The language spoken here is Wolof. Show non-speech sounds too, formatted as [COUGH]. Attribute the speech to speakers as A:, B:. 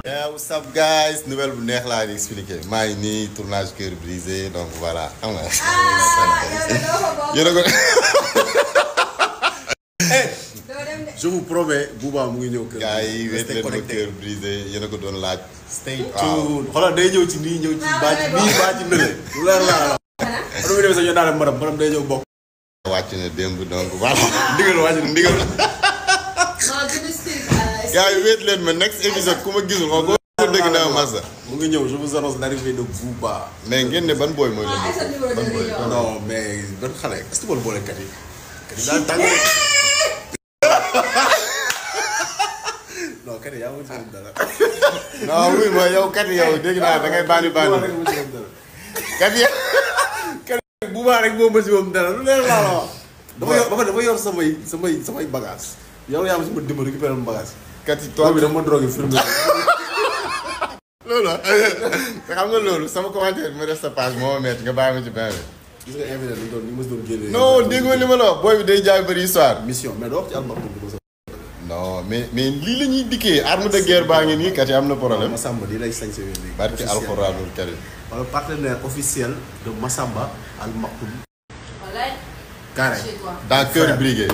A: Yeah, what's up guys nouvelle bu neex laa di expliquer maa ngi nii tournage cœur brisé donc voilà xam nga. Ah, yéen a ko. [LAUGHS] [LAUGHS] Eh, je vous promets Bouba mu ngi ñëw kër. gars yi wéet leen ma brisé yéen ko doon laaj. stay tuned day ñëw ci nii ñëw ci baa ci nii baa ci nële. lu leer la la. sa ñu daal maram maram day ñëw bokk. wàcc na démb donc voilà [LAUGHS] ndigal wàcc na ndigal. gars yi wéet leen ma next épisode ku ma gisul ma ko. Ah, dégg naa Massa. mu ngi ñëw je vous annonce l'arrivée de Booba. mais ngeen ne ban booy mooy. Ah, la ban booy non mais ban xale est ce [LAUGHS] [LAUGHS] yow kat dégg naa da ngay baani baani. kat yi. kat yi Booba rek moo mës moom lu leer laa la wax. [LAUGHS] dafa yor yor samay samay samay bagage yow yaa ma si ma dimbali récupérer kat yi bi dama drogué film loolu [LAUGHS] xam nga loolu sama commentaire bi ma def sa page moo ma métti nga bàyyi doon li ma doon génnee non dégg ma la wax booy bi day jaay bëri histoire mission mais doo wax ci album non mais lii la ñuy dikkee arme de guerre baa ngi nii kat am na problème Massamba lii lay sañ sa wér léegi barki alxuraanul karim wala partenaire officiel de Massamba Al Maktoum carré dans cœur brigué